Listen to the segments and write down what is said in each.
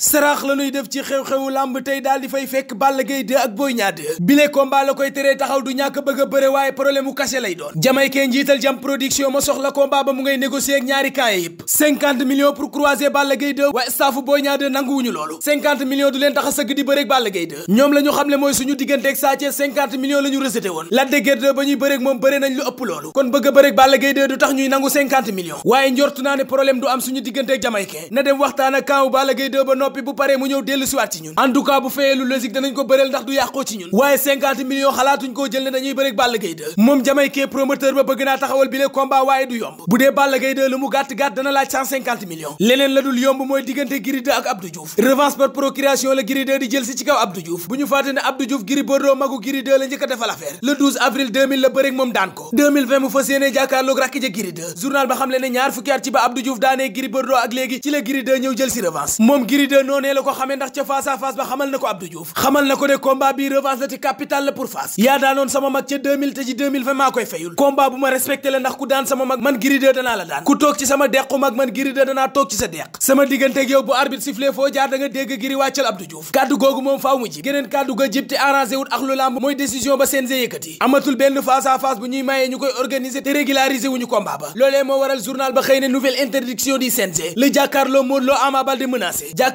saraax la ñuy def ci xew-xewu lamb tey daal di fay fekk Balla Gaye 2 ak Boy Niang 2 bile combat la koy teree taxaw du ñàkk bëgg a bëre waaye problème mu kase lay doon jamaykee njiital jam production ma soxla combat ba mu ngay négocier ak ñaari camp yëpp 50 millions pour croiser Balla Gaye 2 waaye staffu Boy nanguwuñu loolu 50 millions du leen tax a sëgg di bëre ak Balla Gaye ñoom la ñu xamle mooy suñu diggante ak Sa Thiès 50 millions la ñu rejeté woon Lac bëre ak moom bëre nañ lu kon bëgg a bëre ak tax ñuy nangu 50 millions waaye njortu naa ne problème am suñu diggante ak jamaykee na dem waxtaan ak noppi bu paree mu ñëw dellu siwaat ci ñun en bu fayee lu logique danañ ko bëreel ndax du yàqoo ci ñun waaye 50 millions xalaatuñ jël ne dañuy bëreeg Balla Gaye 2 moom jamaykee promoteur ba bëgg naa taxawal bi le waaye du yomb bu dee Balla Gaye lu mu gàtt-gàtt dana laaj 150 leneen la dul yomb mooy diggante Gris ak Abdou Diouf revanche par procuration la Gris di jël ci kaw Abdou Diouf bu ñu fàtte ne Abdou Diouf Gris magu Gris 2 noonee la ko xamee ndax ca face à ba xamal na ko Abdou Diouf xamal na ko ne combat bi revanche la te capital pour face yaa daanoon sama mag ca te ci 2020 maa sama mag man mag man Gris danaa toog ci sa deq sama digganteeg yow bu arbitre sifflé foo jaar da dégg Gris wàccal Abdou Diouf kàddu googu moom faaw mu geneen kàddu ga jib te arrangé wut ak lu lamb mooy décision ba CNG yëkkati amatul benn face à bu ñuy mayee ñu koy organiser te régulariser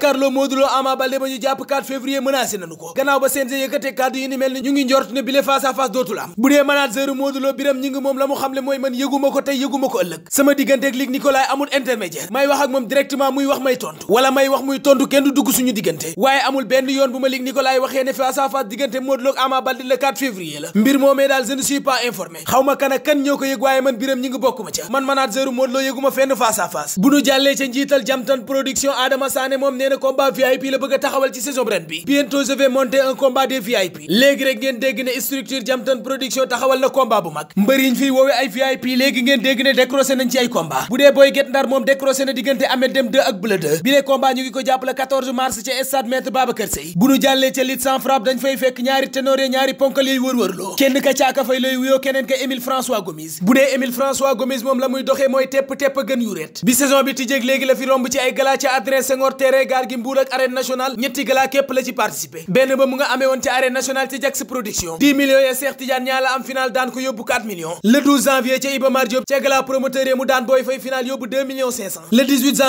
jàkkaarloo Modou Lo Ama may wax ak moom directement muy wax may tontu kenn dugg suñu diggante waaye amul benn yoon bu ma Luc Nicolaï waxee ne face à diggante Modou Lo ak Ama Baldé février la mbir moomee daal je ne pas informé xaw kan ak kan ñoo ko yëg waaye man Biram ñi ngi bokk ma ca man manager Modou Lo yëguma fenn face à bu ñu jàllee ca njiital jamtan production Adama Sané moom nee benn VIP la bëgg taxawal ci saison ren bi bientôt je vais un combat des VIP léegi rek ngeen dégg ne structure Jamton production taxawal na combat bu mag mbër yi ñu fiy woowee ay VIP léegi ngeen dégg ne décroché nañ ci ay combat bu dee Boy Guet Ndar moom décroché na diggante Ahmed Dem 2 ak Bleu 2 bi lee combat ñu ngi ko jàppale 14 mars ca stade Maître Babacar Seye bu nu jàllee ca lit sans frappe dañ fay fekk ñaari ténor yi ñaari ponkal yooyu wërwërloo kenn ka gaar mbuur ak arène nationale ci Jax production 10 millions ya Cheikh Tidiane ñaa la am final daan ko yóbbu 4 millions le janvier ca Iba Mar ca gala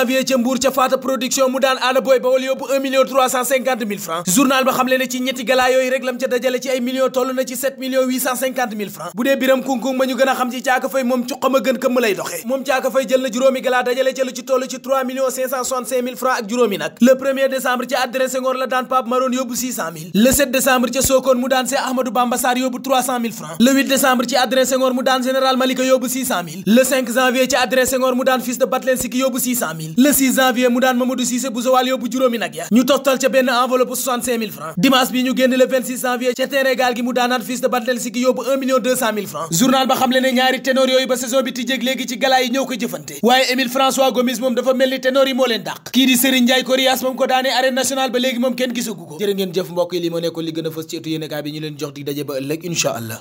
ca Faata production mu daan aada booy bawal yóbbu 1 million 350 mille francs journal ba xam le ci ñetti gala yooyu rek ca dajale ci ay millions toll na ci 7 mille francs bu dee biram kunkung ma ñu gën a xam ci caaka fay moom cuqam a gën këmm lay doxee moom caaka fay jël le 1er ca Adrien la daan Pape Maroon yóbbu 600000 le 7 ca Sokone mu daan Cheikh Ahmadou Bamba yóbbu 300000 francs le 8 décembre mu daan général Malika yóbbu 600000 janvier ci Adrien mu daan fils de yóbbu 600000 janvier mu daan Mamadou Cissé bu yóbbu juróomi nag ya ñu toftal ca benn enveloppe francs dimanche bi ñu génn le janvier ca terrain gaal gi mu daanaat fils de yóbbu 1 million francs journal ba xam le classe moom ko daanee arène nationale ba léegi moom kenn gisagu ko jërë ngeen jëf mbokk yi li ma nekkoon li gën a fës ci bi ñu leen jox dig daje ba ëllëg incha allah